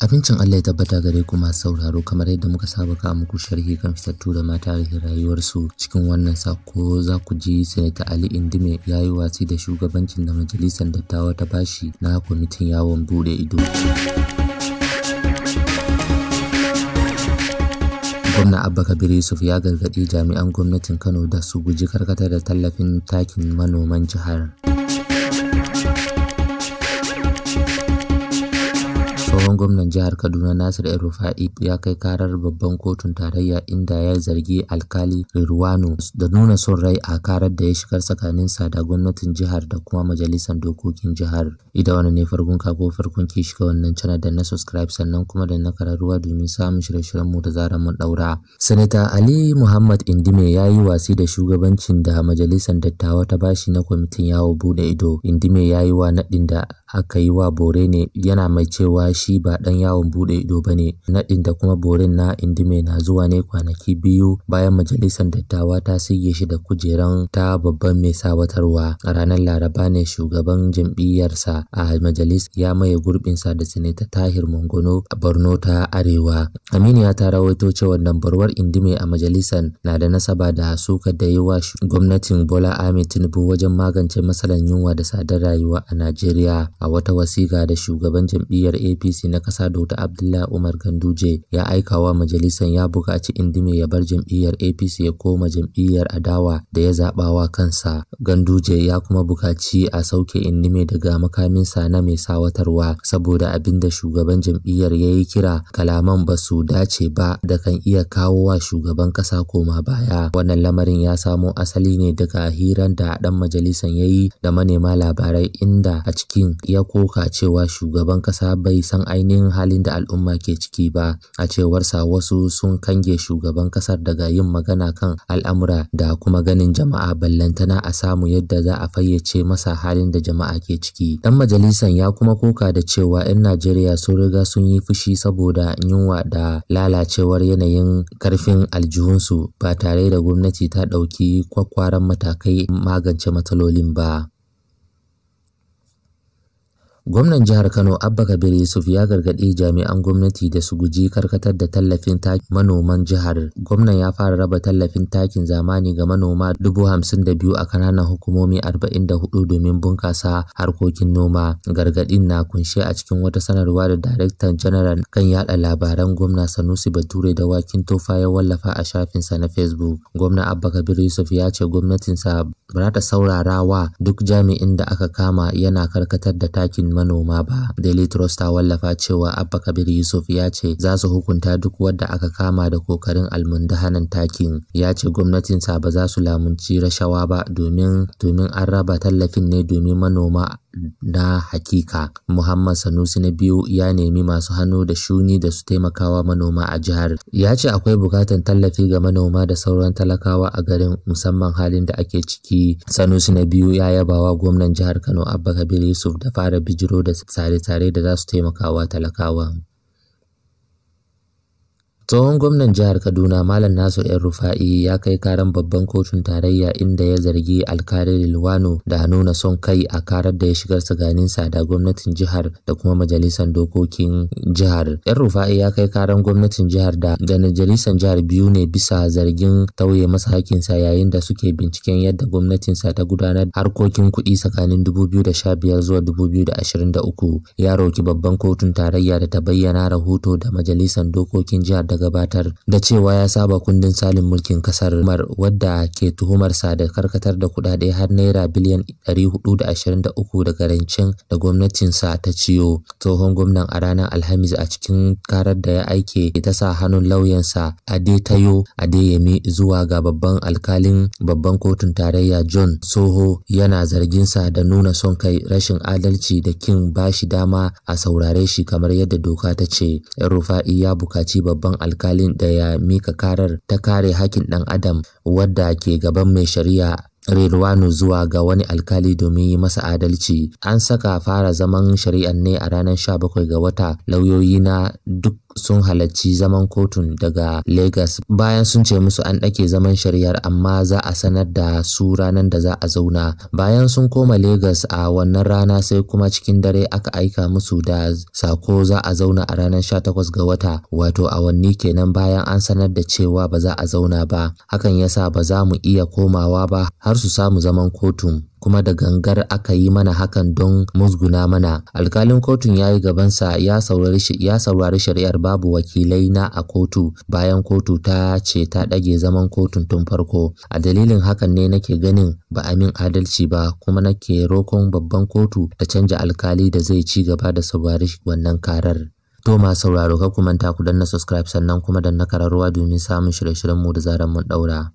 Abincin Allah ya tabbata gare ku masu sauraro kamar yadda muka saba ka muku sharhi kan fitattu da ma tarihin rayuwarsu cikin wannan sako za ku ji Sanata Ali Indime ya yi watsi da shugabancin da majalisar dattawa ta bashi na kwamitin yawon bude ido. gwamna abba kabir yusuf ya gargaɗi jami'an gwamnatin kano da su guji karkatar da tallafin takin manoman jihar. gwamnan jihar Kaduna Nasir El-Rufa'i ya kai karar babban kotun tarayya inda ya zargi alkali Rirwano da nuna son rai a karar da ya shigar tsakaninsa da gwamnatin jihar da kuma majalisar dokokin jihar. Ida wani ne farkon kago farkon ki shiga wannan channel da na subscribe sannan kuma da na kararruwa domin samun shirye-shiryen mu da zarar mun daura. Sanata Ali Muhammad Indime ya yi wasi da shugabancin da majalisar dattawa ta bashi na kwamitin yawo bude ido. Indime ya yi wa naɗin da aka yi wa Bore ne yana mai cewa shi ba ɗan yawon bude ido ba ne. Naɗin da kuma Boren na Indime na zuwa ne kwanaki biyu bayan majalisar dattawa ta sige shi da kujeran ta babban mai sabatarwa. A ranar Laraba ne shugaban jam'iyyarsa a majalis ya maye gurbinsa da Sinita Tahir mangono a Borno ta Arewa. ya ta rawaito cewa dambarwar Indime a majalisar na da nasaba da suka da yi gwamnatin Bola Ahmed Tinubu wajen magance matsalar yunwa da tsadar rayuwa a Najeriya. a wata wasiƙa da shugaban jam'iyyar apc na ƙasa dr abdullahi umar ganduje ya aikawa majalisar ya buƙaci indime ya bar jam'iyyar apc ya koma jam'iyyar adawa da ya zaɓawa kansa ganduje ya kuma buƙaci a sauke indime daga makaminsa na mai sawatarwa saboda abin da shugaban jam'iyyar ya yi kira kalaman ba su dace ba da kan iya kawo wa shugaban ƙasa koma baya wannan lamarin ya samo asali ne daga hiran da ɗan majalisar ya yi da manema labarai inda a cikin ya koka cewa shugaban kasa bai san ainihin halin da al'umma ke ciki ba a cewarsa wasu sun kange shugaban kasar daga yin magana kan al'amura da kuma ganin jama'a ballantana a samu yadda za a fayyace masa halin da jama'a ke ciki dan majalisan ya kuma koka da cewa 'yan najeriya sun riga sun yi fushi saboda yunwa da lalacewar yanayin karfin aljihunsu ba tare da gwamnati ta ɗauki kwakwaran matakai magance matsalolin ba Gwamnan jihar Kano Abba Kabir Yusuf ya gargaɗi jami'an gwamnati da su guji karkatar da tallafin takin manoman jihar. Gwamnan ya fara raba tallafin takin zamani ga manoma dubu hamsin da biyu a kananan hukumomi arba'in da hudu domin bunƙasa harkokin noma. Gargaɗin na kunshe a cikin wata sanarwa da Daraktan Janaral kan yaɗa labaran gwamna Sanusi Bature da Wakin Tofa ya wallafa a shafinsa na Facebook. Gwamnan Abba Kabir Yusuf ya ce gwamnatinsa ba ta saurara wa duk jami'in da aka kama yana karkatar da takin manoma ba. Daily Trust ta wallafa cewa Abba Kabir Yusuf ya ce za su hukunta duk wadda aka kama da kokarin almundahanan takin. Ya ce gwamnatinsa ba za su lamunci rashawa ba domin domin an raba tallafin ne domin manoma na hakika. Muhammad Sanusi na biyu ya nemi masu hannu da shuni da su taimakawa manoma a jihar. Ya ce akwai bukatar tallafi ga manoma da sauran talakawa a garin musamman halin da ake ciki. Sanusi na biyu ya yabawa gwamnan jihar Kano Abba Kabir Yusuf da fara bijiro da tsare-tsare da za su taimakawa talakawa. Tsohon gwamnan jihar Kaduna Malam nasu ‘yan Rufa'i ya kai karan babban kotun tarayya inda ya zargi alkali Lilwano da nuna son kai a karar da ya shigar tsakaninsa da gwamnatin jihar da kuma majalisar dokokin jihar. ‘Yan Rufa'i ya kai karan gwamnatin jihar da da majalisar jihar biyu ne bisa zargin tauye masa hakinsa yayin da suke binciken yadda gwamnatinsa ta gudanar harkokin kuɗi tsakanin 2015 zuwa 2023. Ya roki babban kotun tarayya da ta bayyana rahoto da majalisar dokokin jihar da gabatar da cewa ya saba kundin salin mulkin kasar Umar wadda ke tuhumarsa da karkatar da kudade har naira biliyan 423 daga rancen da gwamnatinsa ta ciyo. Tsohon gwamnan a ranar Alhamis a cikin karar da ya aike ta sa hannun lauyansa Adetayo Adeyemi zuwa ga babban alkalin babban kotun tarayya John Soho yana zarginsa da nuna son kai rashin adalci da kin bashi dama a saurare shi kamar yadda doka ta ce. Rufa'i ya bukaci babban alkalin da ya mika karar ta kare hakin ɗan adam wadda ke gaban mai shari'a Rirwanu zuwa ga wani alkali domin yi masa adalci. An saka fara zaman shari'ar ne a ranar 17 ga wata lauyoyi na duk sun halarci zaman kotun daga Legas bayan sun ce musu an ɗake zaman shari'ar amma za a sanar da su ranar da za a zauna. Bayan sun koma Legas a wannan rana sai kuma cikin dare aka aika musu da sako za a zauna a ranar 18 ga wata wato awanni kenan bayan an sanar da cewa ba za a zauna ba. Hakan yasa ba za mu iya komawa ba har su samu zaman kotun. kuma da gangar aka yi mana hakan don musguna mana alkalin kotun ya yi gabansa ya saurari shari'ar babu wakilai na a kotu bayan kotu ta ce ta ɗage zaman kotun tun farko a dalilin hakan ne nake ganin ba a min adalci ba kuma nake rokon babban kotu ta canja alkali da zai ci gaba da saurari wannan karar to ma sauraro ka ta ku danna subscribe sannan kuma danna kararrawa domin samun shirye-shiryen mu da zaran mun daura